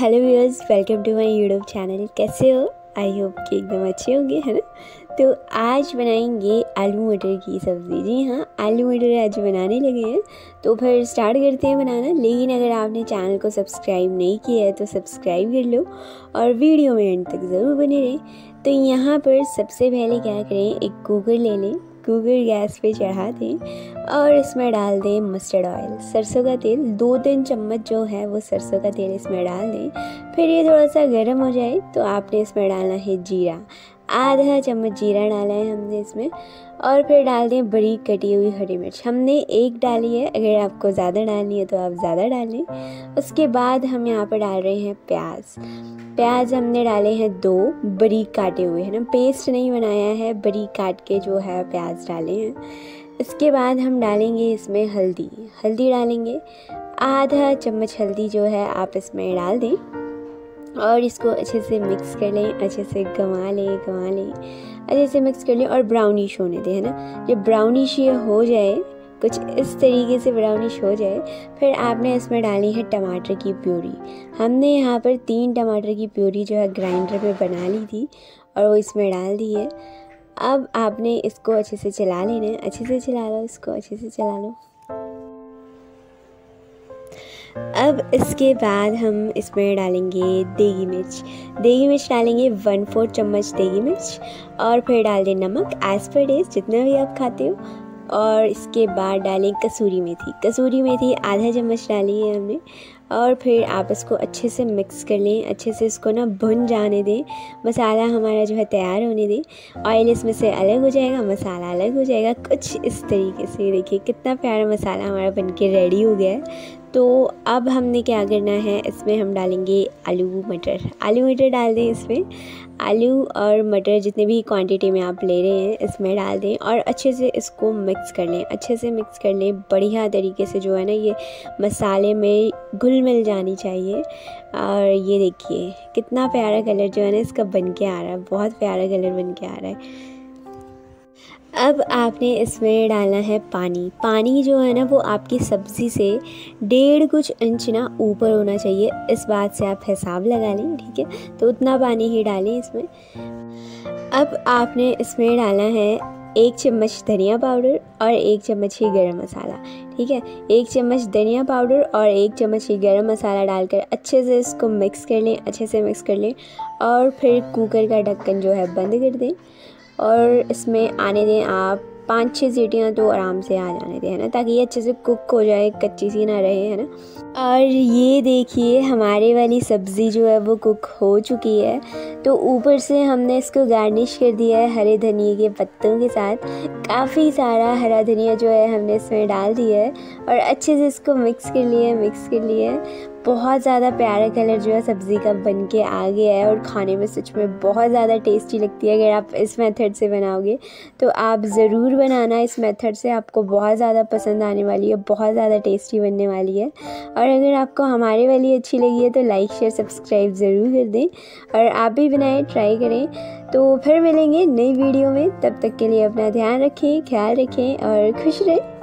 hello viewers welcome to my YouTube channel कैसे हो I hope कि एकदम अच्छे होंगे है ना तो आज बनाएंगे आलू मटर की सब्ज़ी जी हाँ आलू मटर आज बनाने लगे हैं तो फिर स्टार्ट करते हैं बनाना लेकिन अगर आपने चैनल को सब्सक्राइब नहीं किया है तो सब्सक्राइब कर लो और वीडियो में एंड तक ज़रूर बने रहें तो यहाँ पर सबसे पहले क्या करें एक कुकर ले लें गूगल गैस पे चढ़ा दें और इसमें डाल दें मस्टर्ड ऑयल सरसों का तेल दो तीन चम्मच जो है वो सरसों का तेल इसमें डाल दें फिर ये थोड़ा सा गर्म हो जाए तो आपने इसमें डालना है जीरा आधा चम्मच जीरा डाला है हमने इसमें और फिर डाल दें बरीक कटी हुई हरी मिर्च हमने एक डाली है अगर आपको ज़्यादा डालनी है तो आप ज़्यादा डालें उसके बाद हम यहाँ पर डाल रहे हैं प्याज प्याज हमने डाले हैं दो बरीक काटे हुए है ना पेस्ट नहीं बनाया है बरीक काट के जो है प्याज डाले हैं इसके बाद हम डालेंगे इसमें हल्दी हल्दी डालेंगे आधा चम्मच हल्दी जो है आप इसमें डाल दें और इसको अच्छे से मिक्स कर लें अच्छे से गंवा लें गंवा लें अच्छे से मिक्स कर लें और ब्राउनिश होने दें है ना जब ब्राउनिश ये हो जाए कुछ इस तरीके से ब्राउनिश हो जाए फिर आपने इसमें डाली है टमाटर की प्यूरी हमने यहाँ पर तीन टमाटर की प्यूरी जो है ग्राइंडर पे बना ली थी और वो इसमें डाल दी है अब आपने इसको अच्छे से चला लेना है अच्छे से चला लो इसको अच्छे से चला लो अब इसके बाद हम इसमें डालेंगे देगी मिर्च देगी मिर्च डालेंगे वन फोर्थ चम्मच देगी मिर्च और फिर डाल दें नमक एज पर डेज जितना भी आप खाते हो और इसके बाद डालें कसूरी मेथी कसूरी मेथी आधा चम्मच डाली है हमने और फिर आप इसको अच्छे से मिक्स कर लें अच्छे से इसको ना भुन जाने दें मसाला हमारा जो है तैयार होने दें ऑयल इसमें से अलग हो जाएगा मसाला अलग हो जाएगा कुछ इस तरीके से देखिए कितना प्यारा मसाला हमारा बन के रेडी हो गया है तो अब हमने क्या करना है इसमें हम डालेंगे आलू मटर आलू मटर डाल दें इसमें आलू और मटर जितने भी क्वांटिटी में आप ले रहे हैं इसमें डाल दें और अच्छे से इसको मिक्स कर लें अच्छे से मिक्स कर लें बढ़िया तरीके से जो है ना ये मसाले में घुल मिल जानी चाहिए और ये देखिए कितना प्यारा कलर जो है ना इसका बन के आ रहा है बहुत प्यारा कलर बन के आ रहा है अब आपने इसमें डालना है पानी पानी जो है ना वो आपकी सब्ज़ी से डेढ़ कुछ इंच ना ऊपर होना चाहिए इस बात से आप हिसाब लगा लें ठीक है तो उतना पानी ही डालें इसमें अब आपने इसमें डाला है एक चम्मच धनिया पाउडर और एक चम्मच ही गरम मसाला ठीक है एक चम्मच धनिया पाउडर और एक चम्मच ही गरम मसाला डालकर अच्छे से इसको मिक्स कर लें अच्छे से मिक्स कर लें और फिर कुकर का ढक्कन जो है बंद कर दें और इसमें आने दें आप पाँच छः सीटियाँ तो आराम से आ जाने दें है ना ताकि ये अच्छे से कुक हो जाए कच्ची सी ना रहे है ना और ये देखिए हमारे वाली सब्ज़ी जो है वो कुक हो चुकी है तो ऊपर से हमने इसको गार्निश कर दिया है हरे धनिए के पत्तों के साथ काफ़ी सारा हरा धनिया जो है हमने इसमें डाल दिया है और अच्छे से इसको मिक्स कर लिया है मिक्स कर लिया है बहुत ज़्यादा प्यारा कलर जो है सब्ज़ी का बन के आ गया है और खाने में सच में बहुत ज़्यादा टेस्टी लगती है अगर आप इस मेथड से बनाओगे तो आप ज़रूर बनाना इस मेथड से आपको बहुत ज़्यादा पसंद आने वाली है बहुत ज़्यादा टेस्टी बनने वाली है और अगर आपको हमारे वाली अच्छी लगी है तो लाइक शेयर सब्सक्राइब ज़रूर कर दें और आप भी बनाएं ट्राई करें तो फिर मिलेंगे नई वीडियो में तब तक के लिए अपना ध्यान रखें ख्याल रखें और खुश रहें